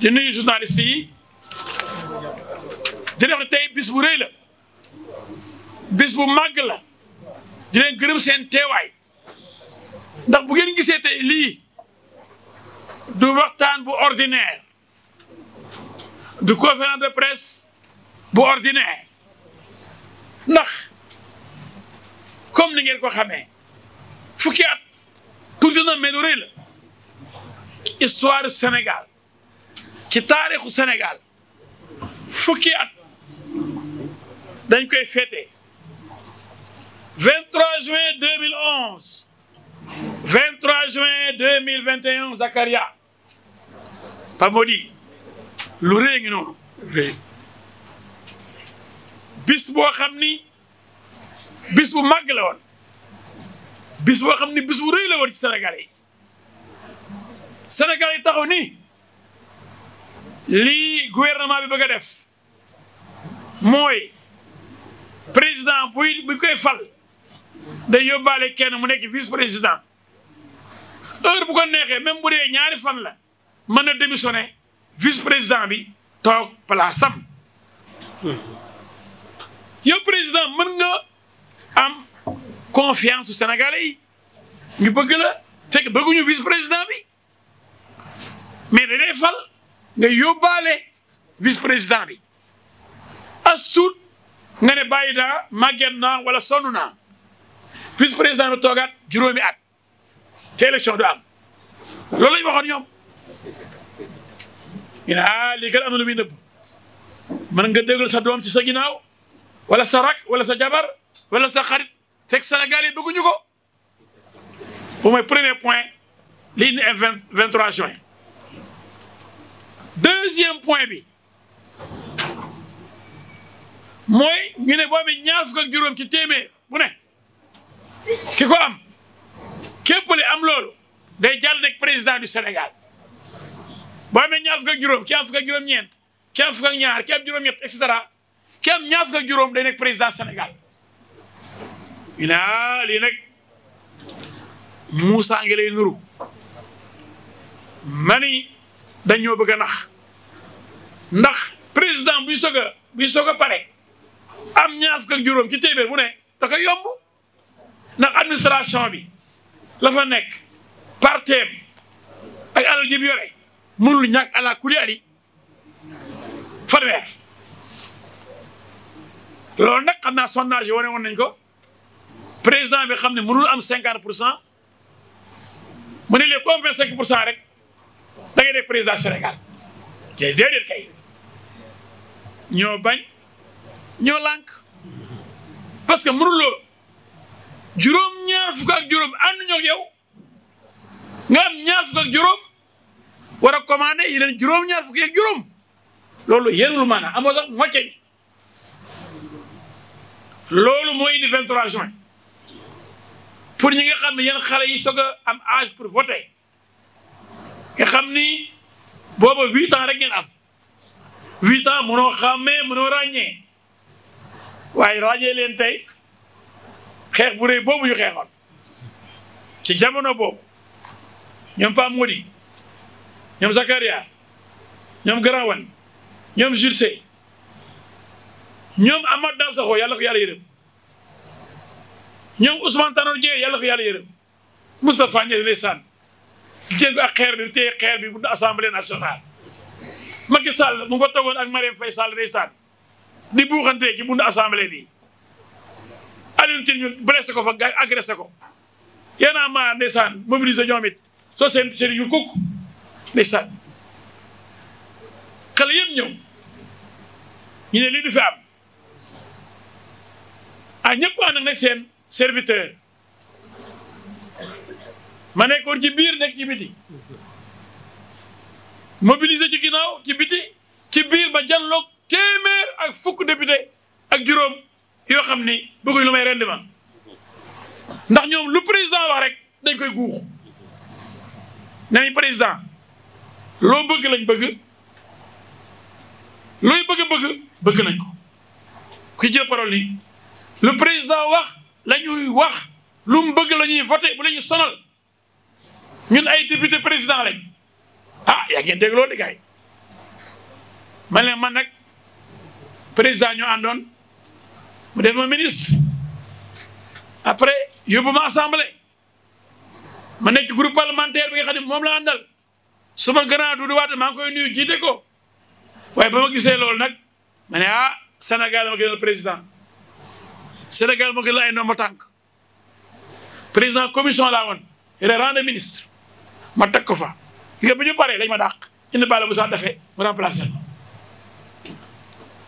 di nuyu journaliste yi di def ne tey bis bu rëy la bis bu màgg la di gërëm seen teewaay ndax bu ngeen gisee te lii du waxtaan bu ordinaire du conférence de presse bu ordinaire ndax comme ni ngeen ko xamee fukki at tuuti na mais lu rëy la histoire Sénégal ci taarixu Sénégal fukki at dañ koy féete 23 juin 2011 23 juin 2021 Zakaria Pamodi lu rëy ngi noonu rëy bis boo xam ni bis bu màgg la woon bis boo xam ni bis bu rëy la woon ci Sénégal yi Sénégal yi taxaw nii lii gouvernement bi bëgg a def mooy président buy bu koy fal day yóbbaale kenn mu nekk vice président heure bu ko neexee même bu dee ñaari fan la mën na démissionné vice président bi toog place am yow président mën nga am confiance su Sénégalais yi ñu bëgg la fekk bëgguñu vice président bi mais dañ lay fal. nga yóbbaale vice président bi as tuut nga ne bàyyi daa màgget naa wala sonn naa vice président bi toogaat juróomi at te élection du am loolu lañ waxoon ñoom ñu ne ah lii kat man na lu muy nga déglu sa doom ci sa ginnaaw wala sa rak wala sa jabar wala sa xarit fekk Sénégal yi bëgguñu ko bu mooy premier point lii ne vingt vingt trois juin deuxième point bi mooy ñu ne boo amee ñaar fukk juróom ci téeméer bu ne ki ko am képp li am lool day jal nekk président du Sénégal boo amee ñaar fukk ak juróom ki am fukk ak juróom-ñeent ki am fukk ñaar ki am juróom-ñett et cetera ki am ñaar fukk juróom day nekk président Sénégal ñu ne ah lii nag Moussa ngi lay nuru mani dañ ñoo bëgg a nax ndax président bu soog a buy soog a pare am ñaar fukk juróom ci téeméer bu ne da koy yomb ndax administration bi la fa nekk parteem ak alal ji bi yore mënul ñàkk ala kuli ali fanweer loolu nag xam naa sondage yi wane woon nañ ko président bi xam ne mënul am cinquante pour cent mu ne les comme vingt cinq pour cent rek da ngay nekk président Sénégal déedéet kay ñoo bañ ñoo lànk parce que mënuloo juróom-ñaar fukk ak juróom ànduñoo ak yow nga am ñaar fukk ak juróom war a commandé yeneen juróom-ñaar fukk juróom loolu yërul maanaam amoo sax mocce ni loolu moo indi 23 juin pour ñi nga xam ne yéen xale yi soog am âge pour voter nga xam ni booba huit ans rek ngeen am huit ans mënoo xàmmee mënoo ràññee waaye ràññee leen tey xeex bu rëy boobu ñu xeexoon ci jamono boobu ñoom Pape Mody ñoom Zakaria ñoom Garawan ñoom Jules Seye ñoom Amath Dansokho yàlla ko yàlla yërëm ñoom Ousmane Tanor Dieng yàlla ko yàlla yërëm Moustapha Niass ndeysaan jël ko ak xeer bi téye xeer bi bu assemblée nationale Macky Sall mu fa togoon ak Marième Faye Sall ndeysaan di buuxantee ci bundu assemblée bi Alioune Tine ñu blessé ko fa gaañ agressé ko yéen a maa ndeysaan mobilisé ñoom it soo seen seen yu kukk ndeysaan ñu ne lii du fi am ah ñëpp ànd nag seen serviteur ma nekkoon ci biir nekk ci biti mobiliser ci ginnaaw ci biti ci biir ba jàlloog téeméer ak fukk député ak juróom yoo xam ni bëgguñ lu may rendement ndax ñoom lu président wax rek dañ koy guux ne ni président loo bëgg lañ bëgg looy bëgg-bëgg bëgg nañ ko ki jël parole ni lu président wax la ñuy wax lu bëgg la ñuy voté bu la sonal ñun ay député président lañ ah yaa ngeen dégg loolu man leen man nag président ñoo àndoon mu def ma ministre après yóbbu ma assemblée ma nekk ci parlementaire bi nga xam ne moom la àndal suma grand Doudou Wade maa ngi koy nuyu jiite ko waaye ba ma gisee loolu nag ma ne ah Sénégal ma gënal président Sénégal ma gënal ay ndombo tànk président commission laa woon il est rang ministre ma teg ko fa gis nga bu ñu paree dañ ma dàq indi balle bu sax defee mu remplacé ma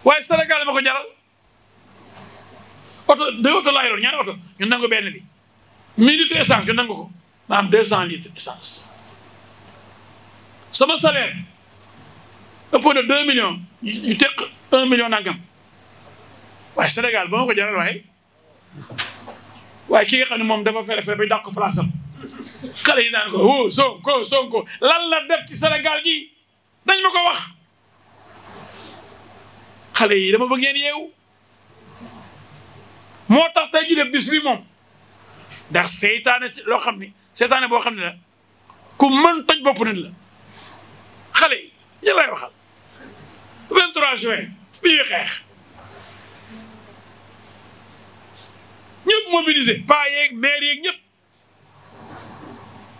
waaye Sénégal ma ko jaral oto deux oto laa yoroon ñaari oto ñu nangu benn bi mille litres essence ñu nangu ko ma am deux cent litres essence sama salaire ëpp na deux millions ñu teq un million nangam waaye Sénégal ba ma ko jaral waaye waaye ki nga xam ne moom dafa fere fere ba dàq place am xale yi naan ko woo oh, Sonko Sonko lan la def ci Sénégal gi dañ ma ko wax xale yi dama bëgg ngeen yeewu moo tax tey jii de bis bi moom ndax seytaane loo xam ne seytaane boo xam ne la ku mën toj bopp nit la xale yi ñu lay waxal 23 juin bi ñuy xeex ñëpp mobilisé paa yeeg maire yeeg ñëpp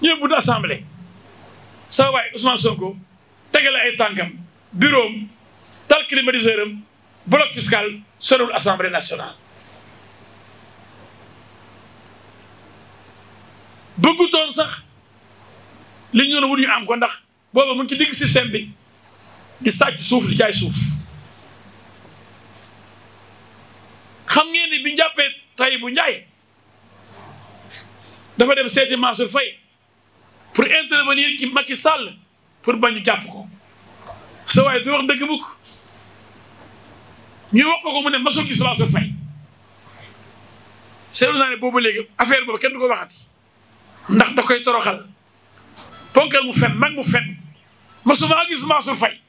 ñooy bunt assemblée saa waay Ousmane Sonko tegale ay tànkam bureau am tal climatiseur am bloc fiscal sorewul assemblée nationale. bëggutoon sax li ñu ne wut ñu am ko ndax booba mu ngi ci digg système bi di sàcc suuf di jaay suuf xam ngeen bi ñu jàppee bu jaay dafa dem seeti Mansour Faye. pour ki ci Macky Sall pour bañu jàpp ko sa waaye du wax dëgg mukk ñu wax ko ko mu ne masul gis Mansour Faye seetlu naa ne boobu léegi affaire boobu kenn du ko waxati ndax da koy toroxal ponkal mu fen mag mu fen masuma gis Mansour Faye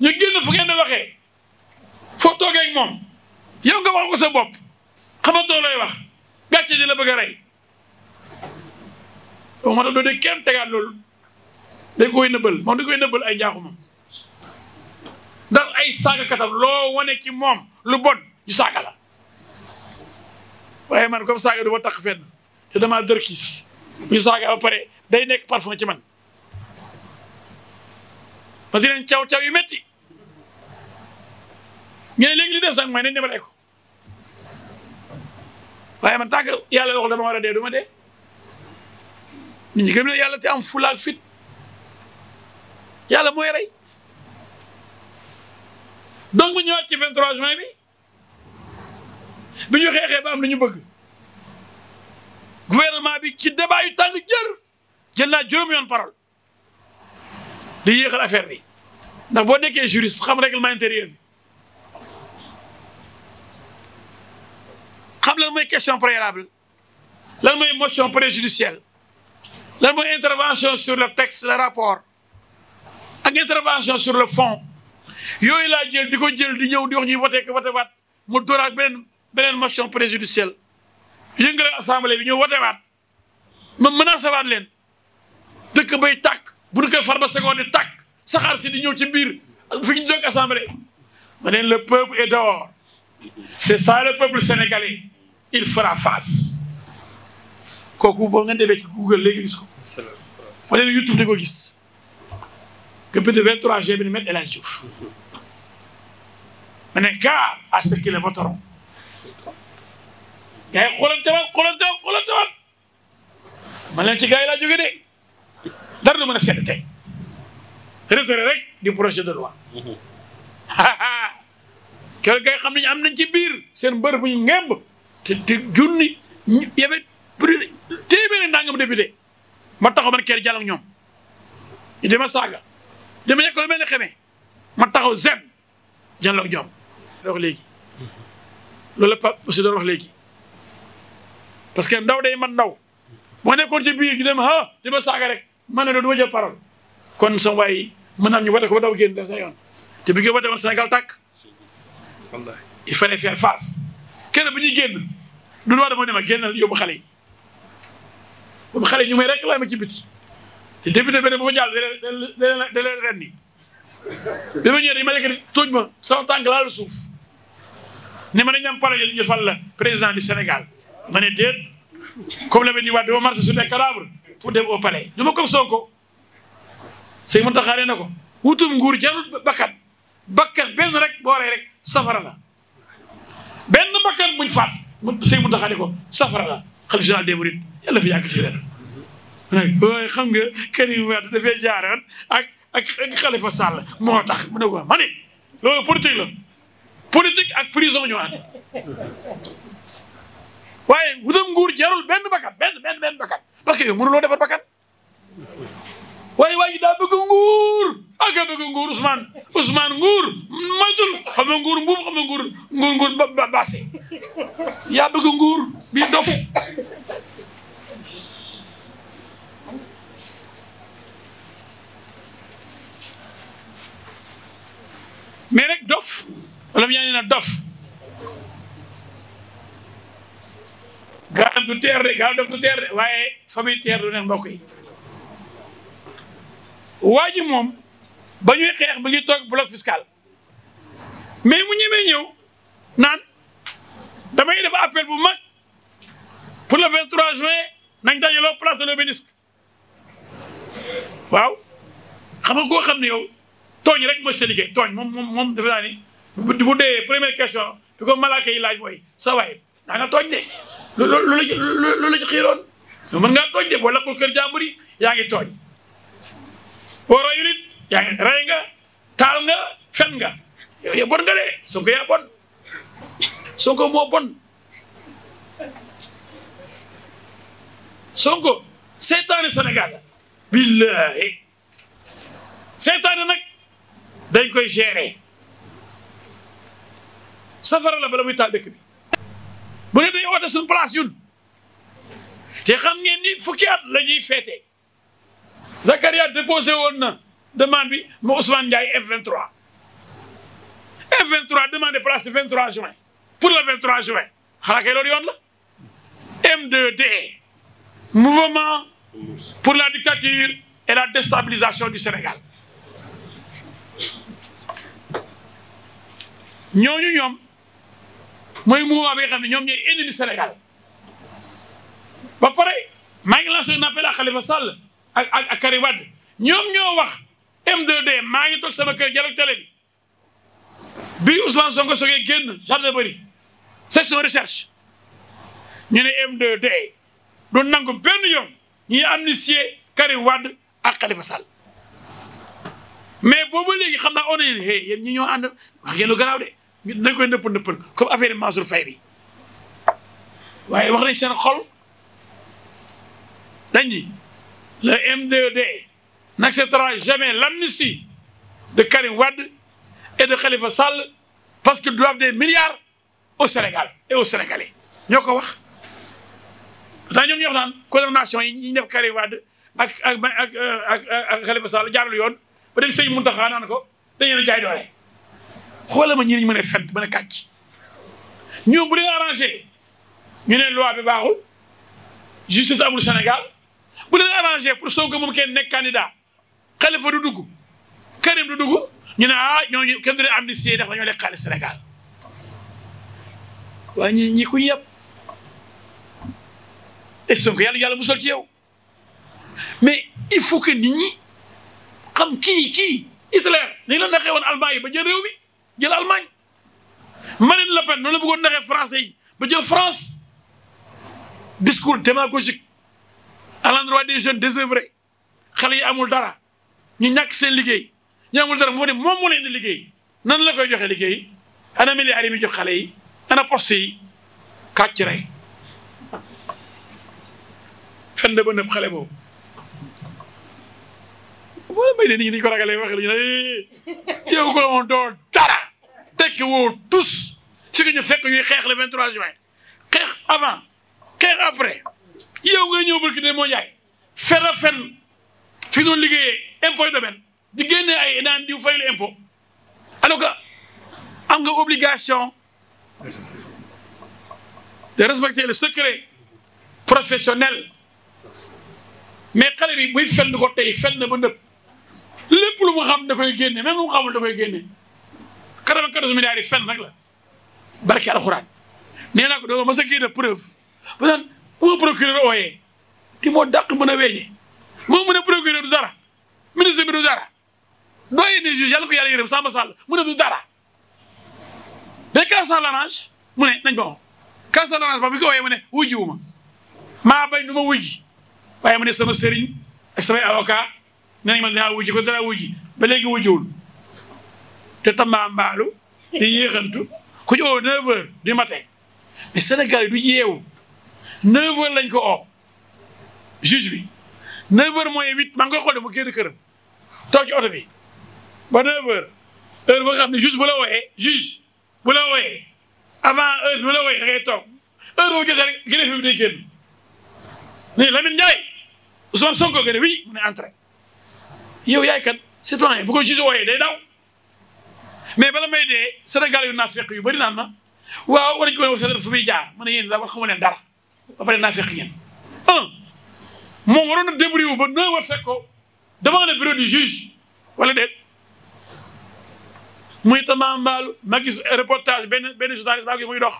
ñu génn fu ngeen di waxee foo toogee moom yow nga wax ko sa bopp xamatoo lay wax gàcce di la bëgg a donc moo tax doo dégg kenn tegaat loolu dañ koy nëbbal moom dañ koy nëbbal ay njaaxumam ndax ay saagakatam loo wane ci moom lu bon ñu saaga la waaye man comme saaga du ma tax fenn te damaa dërkiis ñu saaga ba pare day nekk parfum ci man parce que dinañ caw caw yu metti ñu léegi li des nag mooy nañ demaree ko waaye man tant que yàlla waxul dama war a dee du ma nit ñi gëm ne yàlla te am fulaak fit yàlla mooy rey donc bu ñëwaat ci 23 juin bi bi ñu xeexee ba am lu ñu bëgg gouvernement bi ci débat yu tàng jër jël naa juróom yoon parole di yéexal affaire bi ndax boo nekkee juriste xam règlement intérieur bi xam lan mooy question la lan mooy motion préjudicielle la mooy intervention sur le texte le rapport ak intervention sur le fond yooyu laa jël di ko jël di ñëw di wax ñuy voté ko voté waat mu dooraat beneen beneen motion préjudicielle yëngale assemblée bi ñëw voté waat ma menacé waat leen dëkk bay tàkk bu ñu koy farba seconde di tàkk si di ñëw ci biir fi ñu jóg assemblée ma neen le peuple est dehors c'est ça le peuple sénégalais il fera face kooku boo nga demee ci Google léegi gis ko. wala YouTube di ko gis. nga bind 23 juin bi ma ne gare à ce que les voteront. gars yi xoolante ma leen ci gars yi laa jógee de. dara du mën tey. retiré rek di projet de loi. Mhm. keroog gars yi xam nañu am nañ ci biir seen mbër bu ñu ngemb. te junni ñu bu dee téeméeri nangam de ma taxaw man kër jàll ak ñoom ñu dama saaga dama nekk lu mel ma taxaw zen jàll ak ñoom. wax léegi loolu la Pape Moussa doon wax léegi parce que ndaw day man ndaw boo nekkoon ci biir gi dem ha dama saaga rek ma ne du ma jël parole kon sama waay yi mën naa ñu wate ko ba daw génn def sa yoon te bi nga wate woon Sénégal tàkk wallahi il fi faire face kenn bu ñuy génn du doon dama dem a génnal yóbbu xale yi. boobu xale ñu may réclamer ci biti te député beneen bu ma jàll da da leen ren ni bi ma ñëwee dañu ma yëkkati tuuj ma sama tànk laalu suuf ni ma ne ñam pare ñu fal la président du Sénégal ma ne déet comme la ma di wax dama marché sur des cadavres pour dem au palais ñu ma ko Sonko sëñ na ko wutum nguur jarul bakkat bakkat benn rek booree rek safara la benn bakkat buñ faat sëñ mu taxaaree ko safara la xalifa général des mourides yàlla fi yàgg ci wér nag waaye xam nga Karim Wade dafay jaaroon ak ak ak Khalifa moo tax mu ne ko ma ne loolu politique la politique ak prison ñoo ànd waaye wutam nguur jarul benn bakkan benn benn benn bakkan parce que yow mënuloo defar bakkan waaye waa ji daa bëgg nguur ak a nguur Ousmane Ousmane nguur moytul xam nga nguur mbuub xam nguur nguur nguur ba baase yaa bëgg nguur bi dof mais rek dof wala mu ñaa na dof gaal du teer de gaal dof du teer de waaye famille teer du neex mbokk yi waa ji moom ba ñuy xeex bi ngi toog bloc fiscal mais mu ñemee ñëw naan dama damay def appel bu mag pour le 23 juin nañ dajaloo place de l'Obélisque waaw xam nga koo xam ne yow tooñ rek mooy sa liggéey tooñ moom moom moom dafa ni bu dee première question bi ko malaaka laaj mooy sa waay daa nga tooñ de lu lu lu la ci xiiroon mën ngaa tooñ de boo lakkul kër jàmbur yi yaa ngi tooñ boo rayul it yaa nga taal nga fen nga yow yaa bon nga de Sonko yaa bon Sonko moo bon Sonko seytaane Sénégal la billaahi seytaane nag dañ koy gérer safara la bala muy taal dëkk bi bu ne dañu oote suñu place ñun te xam ngeen ni fukki at la ñuy feete Zakaria déposé woon na demande bi mu Ousmane Ndiaye F23 F23 demandé place de juin pour le 23 juin xanaa kay loolu yoon la M2D mouvement pour la dictature et la déstabilisation du Sénégal ñooñu ñoom mooy mouvement bi nga xam ne ñoom ñooy ennemi Sénégal ba pare maa ngi lancé un appel à Khalifa Sall ak ak ak Karim Wade ñoom ñoo wax M2D maa ngi toog sama kër jël télé bi bi Ousmane Sonko sogee génn gendarmerie section recherche ñu ne M2D du nangu benn yoon ñuy amnistier Karim Wade ak Khalifa mais boobu léegi xam na on est hey yéen ñi ñoo ànd wax ngeen lu garaaw de nañ koy nëpp nëppal comme affaire Mansour Faye bi waaye wax nañ seen xol dañ le M2D e n'acceptera jamais l'amnistie de Karim Wade et de Khalifa Sall parce que doivent des milliards au Sénégal et aux Sénégalais ñoo ko wax. pourtant ñoom ñoo naan condamnation yi ñu def Karim Wade ak ak ak ak Khalifa Sall jaarul yoon ba dem sëñ Mountakha naan ko dañu leen jaay doole xoolal ma ñi ñu mën a fent mën a kàcc ñoom bu dee arrangé ñu ne loi bi baaxul justice amul Sénégal. bu leen arrangé pour Sonko moom kenn nekk candidat Khalifa du dugg Karim du dugg ñu ne ah ñooñu kenn du leen amnistie ndax dañoo lekk xaalis Sénégal waaye ñi ñi ku ñu yàpp et Sonko yàlla yàlla musal ci yow mais il faut que ni ñi xam kii kii Hitler ni la naxee woon Allemagne yi ba jël réew mi jël Allemagne Marine Le Pen noonu la bëggoon naxee français yi ba jël France discours démagogique à l'endroit des jeunes désœuvrés xale yi amul dara ñu ñàkk seen liggéey ñu amul dara moo ne moom moo leen di liggéey nan la koy joxe liggéey ana milliards yi muy jox xale yi ana poste yi kàcc rek fen ba nëb xale boobu wala may de nit ñi dañu ko ragalee waxe la ñu ne eh, yow ko moom doo dara tekki woo tous si que ñu fekk ñuy xeex le 23 juin xeex avant xeex après yow nga ñëw barki de moo jaay fen a fen fi doon liggéeyee impôt yu domaine di génne ay naan di faylu impôt alors que am nga obligation de respecter le secret professionnel mais xale bi buy fen ko tey fen na ba nëpp lépp lu mu xam da koy génne même lu mu xamul da koy génne quatre-vingt-quatorze yi fen rek la barke alxuraan nee naa ko doo ma sa génne preuve bu ma procureur ooyee ki moo dàq mën a weeje moom mu ne procureur du dara ministre bi du dara doyen des juges yàlla ko yàlla yërëm Samba Sall mu ne du dara mais cas à l'orange mu ne nañ ba cas à l'orange ba bu ko ooyee mu ma maa bañ du ma waaye mu ne sama sëriñ ak samay avocat nee nañ ma dinaa wujji ko dara wujji ba léegi wujjiwul te tammaa mbaalu di yéexantu ku ci oo 9 heures du matin yi du yeewu neuf heures lañ ko oo juge bi neuf heures mooy huit maa ngi xoolee mu génn këram toog ci bi ba neuf heures ba nga xam ne juge bu la wooyee juge bu la wooyee avant heure bu la wooyee da ngay toog heure boobu rek greffe bi day génn nii Lamine Ndiaye Ousmane Sonko nga ne oui mu entre entré yow yaay kat citoyen bu ko juge wooyee day daw mais bala may dee Sénégal yu naafeq yu bëri naan ma waaw war nañu ko wax fu muy jaar ma ne yéen daal war xamu leen dara. ba pare naa fekk ngeen un moom waroon na débrouiller ba neuf heures fekk ko le bureau du wala déet muy tamaambaalu ma gis reportage benn benn journaliste maa gis muy dox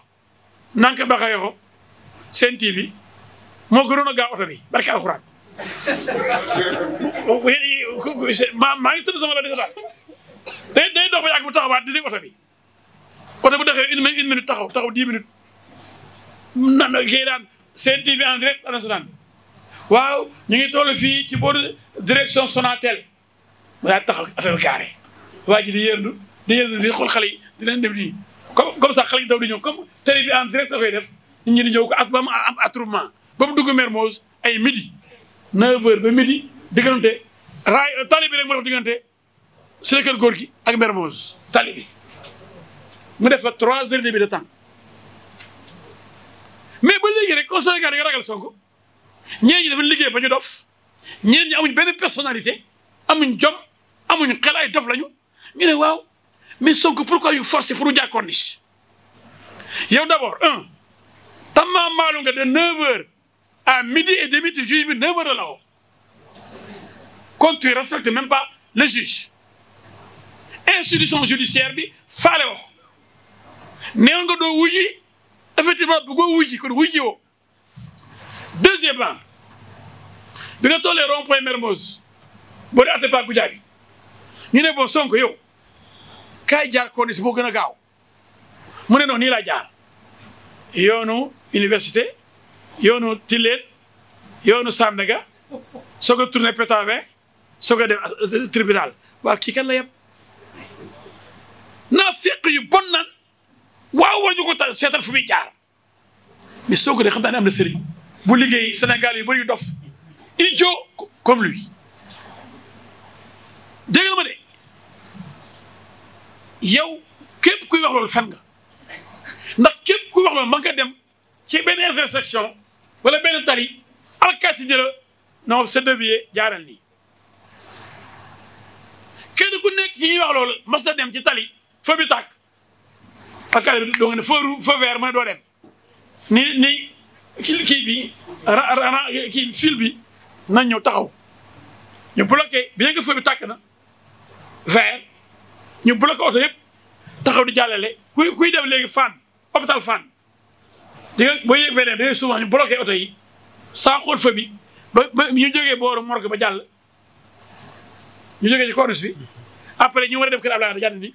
nank baxaye ko seen TV moo gënoon a gaaw oto bi barke alxuraan ma maa ngi tëdd sama la di sa day dox ba yàgg bu taxawaat di dégg oto bi oto bu doxee une une minute taxaw taxaw di minutes nan kii Sen TV en direct à la Sonatel waaw ñu ngi toll fii ci booru direction Sonatel ma daal taxaw affaire carré waa ji di yërndu di yërndu di xool xale yi di leen def nii comme comme ça xale yi daw di ñëw comme télé bi en direct dafay def nit ñi di ñëw ko ak am attroupement ba mu dugg Mermoz ay midi 9h ba midi diggante raay tali bi rek moo dox diggante Sacré Cœur góor gi ak Mermoz tali bi mu def fa 3 heures de temps. léegi rek constat de nga ragal Sonko ñee ñi dafa liggéey ba ñu dof ñeen ñi amuñ benn personnalité amuñ jom amuñ xel ay dof lañu ñu ne waaw mais Sonko pourquoi yu forcé pour Oudja Corniche yow d' abord un tammaa maalu nga de 9h à midi et demi te juge bi 9h la la woo kon tu respectes le juge institution judiciaire bi faale woo néew nga doo wuji effectivement bu ko wujji kon wujji woo deuxièmement bi nga tollee rond point Mermoz boo di atte pa gujaa bi ne boo Sonko yow kaay jaar Corniche boo gën a gaaw mu ne noonu nii laa jaar yoonu université yoonu Tilène yoonu Sandaga soo ko tourné Pétavin soo ko dem euh, tribunal waa kii kan la yëpp naa fekk yu bon nan waaw war ñu ko ta seetal fu muy jaar mais soo de dee xam am na sëriñ bu liggéey Sénégal yu bëri yu dof idiot comme lui dégg ma de yow képp kuy wax loolu fen nga ndax képp kuy wax loolu mën nga dem ci benn intersection wala benn tali alkaati di la non sa devier jaaral nii kenn ku nekk ci ñuy wax lool mas dem ci tali fa bi tàkk ak xale bi doo nga ne feu feu vert mu ne doo ni ni kii bi ra kii fil bi nañ ñëw taxaw ñu bloqué bien que feu bi tàkk na vert ñu bloqué oto yëpp taxaw di jàllale kuy kuy dem léegi Fann hôpital Fann di nga boo yëg da ngay souvent ñu bloqué oto yi sans xool feu ñu jógee booru morgue ba jàll ñu jógee ci corniche après ñu war a dem kër Abdoulaye Wade jàll ni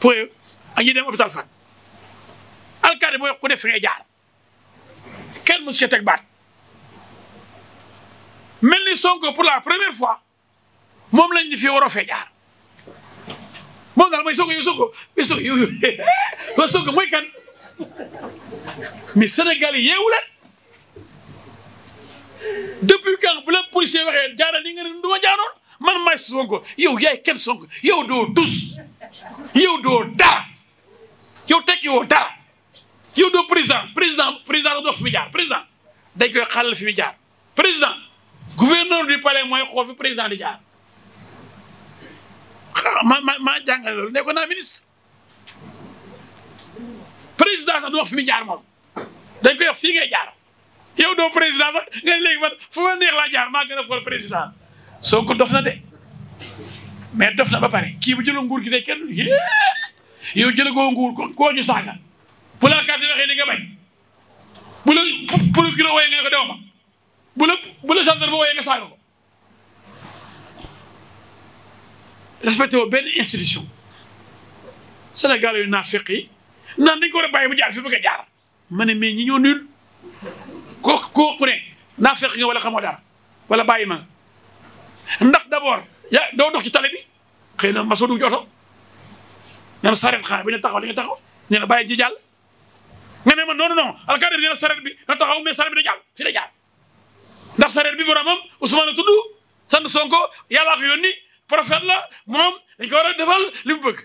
pour ak ñi dem hôpital fan alkaati boo ku ne fi ngay jaar kenn mu ci baat mel ni Sonko pour la première fois moom lañ ni fi waroo fee jaar moom daal mooy Sonko yow Sonko yow Sonko yow Sonko mooy kan mais Sénégal yi depuis quand bu la policier waxee jaaral ni nga ne du ma jaaroon man maay Sonko yow yaay kenn Sonko yow doo dus yow doo dara yow tekki woo dara yow doo président président président da dox fi muy jaar président dañ koy xàll fi muy jaar président gouverneur du palais mooy xool fi président di jaar ma ma ma jàngale loolu nekkoon naa ministre président a doo fi muy jaar moom dañ koy wax fii ngay jaar yow doo président sax nga ne léegi man fu neex laa jaar maa gën a président soo ko dof na de mais dof na ba pare kii bu jëloon nguur gi de kenn yow jëlee koo nguur koo ñu saaga bu la carte waxee li nga bañ bu la procureur wooyee nga ne ma bu la bu la gendarme wooyee nga saaga ko respecté woo benn institution Sénégal yu naafiq naan dañ ko war a bàyyi mu ma ne mais ñi ñoo nul koo koo wala bàyyi ma ndax d'abord yaa doo dox ci tali bi xëy na masoo dugg ci oto nee na sareet xanaa bi ne taxaw li nga taxaw nee na bàyyi ji jàll nga ne ma non non alkadir nee na sareet bi na taxaw mais sareet bi da jàll fi da jàll ndax sareet bi boromam Ousmane tudd sant Sonko yàllaa ko yónni prophète la moom dañ ko war a defal li mu bëgg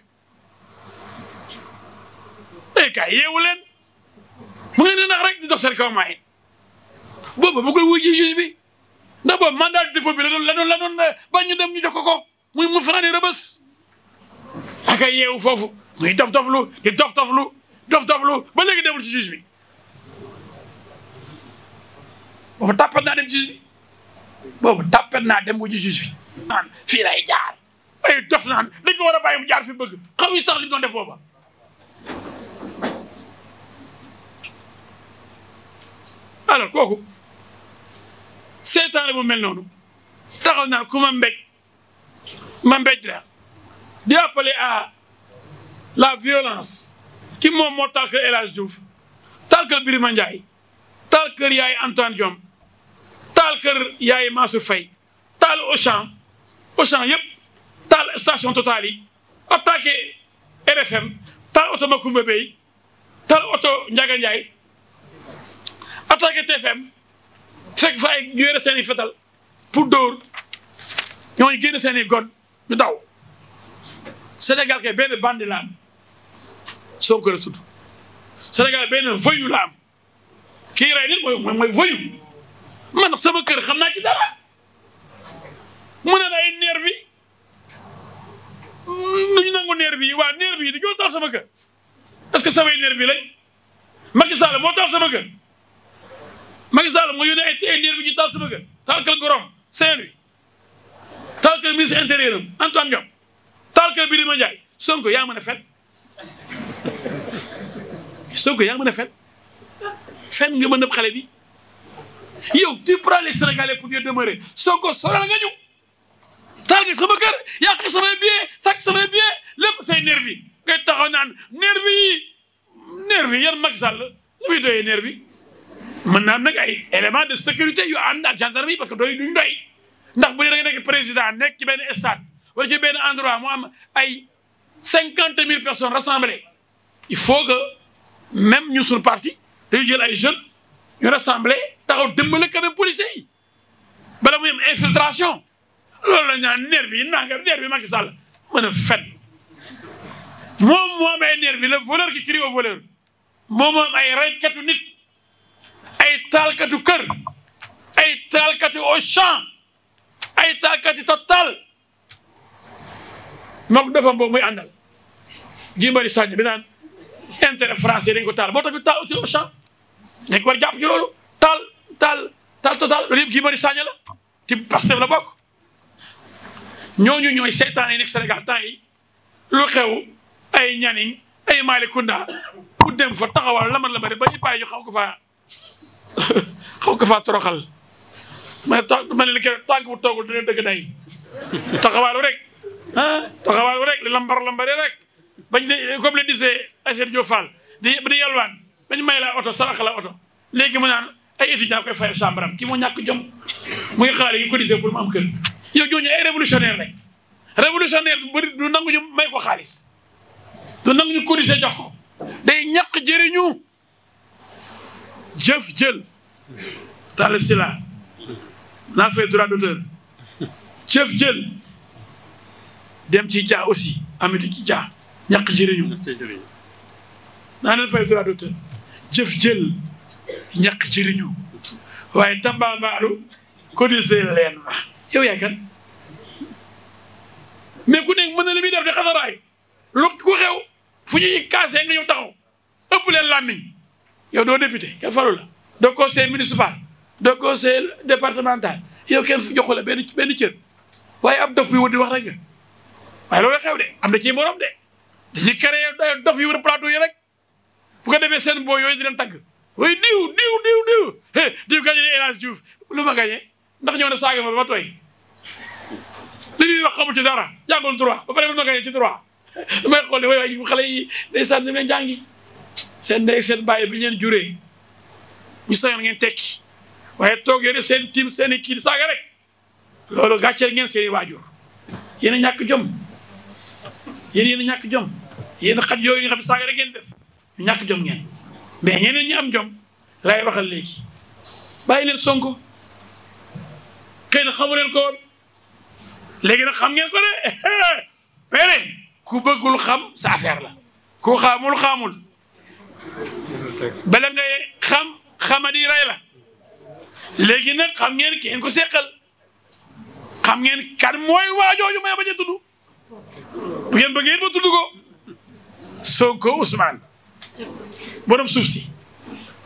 ay kaay yeewu leen mu ngi ne nax rek di dox seen kaw maayin boobu bu koy wuy ji juge bi ndax boobu mandat de dépôt bi la doon la doon la doon bañ ñu dem ñu jox ko ko muy mu fanaan rëbës ak ay yeewu foofu muy dof doflu di dof doflu dof doflu ba léegi demul ci juge bi boobu tàppat naa dem ci juge bi boobu tàppat naa dem wuji juge bi naan lay jaar ay dof naan dañ ko war a bàyyi mu jaar fi bëgg xaw yi sax li doon def booba alors kooku seetaan la mu mel noonu taxaw naa ku ma mbéj ma mbéj la di appeler à la violence ki moom moo tàkkal El Hadj Diouf tàkkal Birima Ndiaye taal kër yaay Antoine Diome taal kër yaay Mansour Faye taal Auchan Auchan yëpp taal station Total yi attaqué RFM taal oto Makumba Bay taal oto Ndiaga Ndiaye attaqué TFM fekk fa ay ñu yore fetal pour dóor ñooñu génn seen i god ñu daw senegal kay benn bandi la am Sonko la tudd Sénégal benn voyou la am kii rey nit mooy man sama kër xam naa ci dara mu ne ay nervi lu mm, ñu nangu nervi yi waa nervi yi dañoo taal sama kër est-ce que samay nervi lañ Macky Sall moo taal sama kër Macky Sall moo yónnee ay ay nervi ñu taal sama kër taal kër Gorom Saint-Louis taal kër ministre intérieur taalkal Birima Ndiaye Sonko yaa mën a fen Sonko yaa mën a fen fen nga mën a xale bi yow tu prends les Sénégalais pour y demeurer Sonko soral nga ñu taal nga sama kër yàq samay billet sàcc samay billet lépp say nervi ngay taxaw naan nervi yi nervi yan Macky Sall lu muy doyee nervi mën naa am ay élément de sécurité yu ànd ak gendarmerie parce que doy duñ doy ndax bu dee da nga nekk président nekk ci benn stade wala ci benn endroit mu am ay cinquante mille personnes rassemblées il faut que même ñu suñu parti dañu jël ay jeunes ñu rassemblé taxaw a quand même policiers yi bala muy am infiltration loolu la ñu nervi yi nervi Macky Sall mën a fen moom moo am ay nervi le voleur qui crie au voleur moom moo am ay reykatu nit ay taalkatu kër ay taalkatu Auchan ay taalkatu Total moom defam boobu muy àndal Guy Marius Sagna bi naan intérêt français dañ ko taal boo tax ñu taal aussi Auchan dañ ko war jàpp ci loolu taal taal taal total loolu yëpp Guy Marius Sagna la ci Pastef la bokk ñooñu ñooy seytaan yi nekk Sénégal temps yi lu xew ay ñaniñ ay Malicounda pour dem fa taxawal laman la ma de ba ñu bàyyi ñu xaw ko faa xaw ko faa toroxal ma ne lu ne li ke tànk bu toogul dina rek ah taxawaalu rek di lambar lambari rek bañ de comme le disait Aïssatou Diop Fall di di yalwaan bañ may la oto sarax la oto léegi mu naan ay étudiant koy fay chambre am kii moo ñàkk jom mu ngi xalaat yi cotisé pour mu am kër yow jooñu ay révolutionnaire rek révolutionnaire bu bëri du nangu ñu may ko xaalis du nangu ñu cotisé jox ko day ñàkk jëriñu jëf jël tall sila naa fay droit d'auteur jëf jël dem ci Dia aussi Amady Dia ñàkk jëriñu naa leen fay droit d'auteur jëf jël ñàkk jëriñu waaye tambaambaalu cotiser leen ma yow yaay kan mais ku nekk di xasaraay lu ku xew fu ñuy kaase nga ñëw taxaw ëpp leen làmmiñ yow doo député kenn falu la doo conseil municipal doo conseil départemental yow kenn joxu la benn benn waaye ab dof bi wut di wax rek waaye loolu xew de am na ciy morom de dañuy créé dof yu wër plateau yi rek bu ko defee seen boo yooyu di leen tagg way diw diw diw diw diw gagné El Hadj Diouf lu ma gagné ndax ñëw na saaga ma ba ma tooy li ñuy wax xamu ci dara jàngul droit ba pare ba ma gagné ci droit damay xale yi ndeysaan ni seen ndey bi ñu juree ñu sañoon ngeen tekki waaye toog yore seen tim seen i kii di saaga rek loolu gàcceel ngeen seen i waajur yéen a ñàkk jom yen yéen a ñàkk jom yéen xaj yooyu nga xam ne saaga rek ngeen def ñu ñàkk jom ngeen mais ñeneen ñi am jom laay waxal léegi bàyyi leen sonko xëy na leen ko woon léegi nag xam ngeen ko de pere ku bëggul xam sa affaire la ku xaamul xaamul bala ngay xam xamadi rey la léegi nag xam ngeen kenn ko seqal xam ngeen kan mooy waajooju may bañ a tudd bu ngeen bëggee ma tudd ko Sonko Ousmane borom suuf si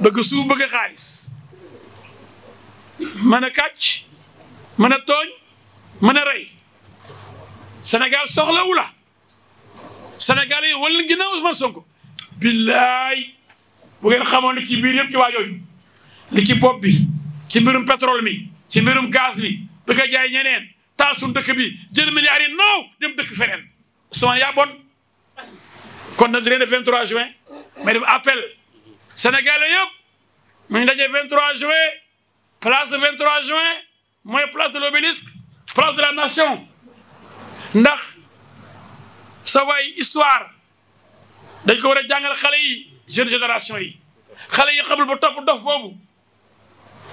bëgg suuf bëgg xaalis mën a kàcc mën a tooñ mën a rey senegal soxlawu la Sénégal yi wala ginnaaw Ousmane Sonko billaay bu ngeen xamoon li ci biir yëpp ci waa li ci bopp bi ci mbirum pétrole mi ci mbirum gaz mi bëgg a jaay ñeneen taal suñu dëkk bi jël milliards yi non dem dëkk feneen Ousmane yaa bon kon na di leen def 23 juin mais def appel sénégalais yëpp mu ngi dajee 23 juin place de 23 juin mooy place de l'obélisque place de la nation ndax sa waay histoire dañ ko war a jàngal xale yi jeune génération yi xale yi xamul ba topp dox boobu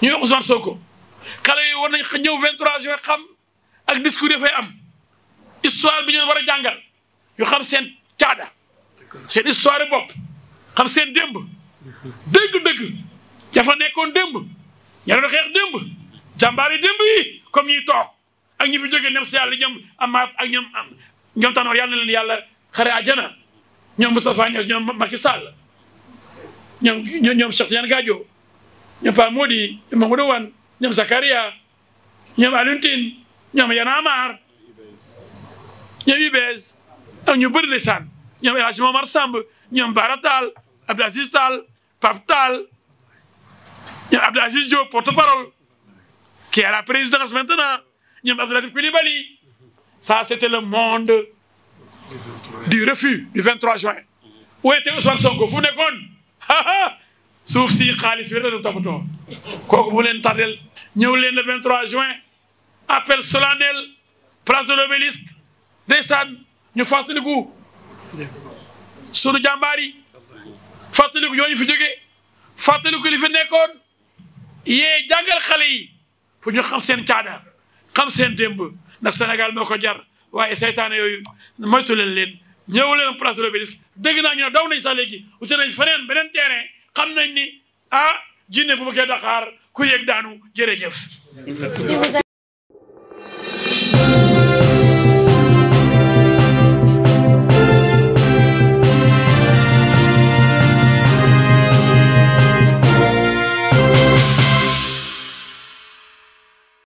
ñuy wax Ousmane Sonko xale yi war nañ ñëw 23 juin xam ak discours ya fay am histoire bi ñu war a jàngal yu xam seen caada seen histoire bopp xam seen démb dëgg-dëgg nekkoon démb ña doon xeex démb jàmbaari démb yi comme ñuy toog ak ñi fi jógee nem si yàlla ñoom amaat ak ñoom ñoom tanoor yàlla na leen yàlla xare àjjana ñoom Moustapha Niass ñoom Macky Sall ñoom ñoom Cheikh ñoom Pa ñoom Mamadou ñoom Zakaria ñoom Alioune ñoom Y'en a marre ñoom UBS ñu bëri ndeysaan ñoom El Hadj Samb ñoom Bara Tall Abdou Aziz Tall Pape Tall ñoom Abdou Aziz Diop porte-parole qui la présidence maintenant ñoom Abdou Latif Coulibaly ça c'était le monde du refus du 23 juin où était Ousmane Sonko fu nekkoon suuf si xaalis bi rek la toppatoo kooku bu leen tardel ñëw leen le 23 juin appel solennel place de l'obélisque ndeysaan ñu fàttaliku sunu jàmbaar yi fàttaliku ñooñu fi jóge fàttaliku li fi nekkoon yee jàngal xale yi pour ñu xam seen caada xam seen démb ndax Sénégal moo ko jar waaye saytaane yooyu moytu leen leen ñëw leen place de l'obélisque dégg naa ñu ne daw nañ sax léegi uti nañ feneen beneen terrain xam nañ ni ah jinne bu ma koy daxaar ku yéeg daanu jërëjëf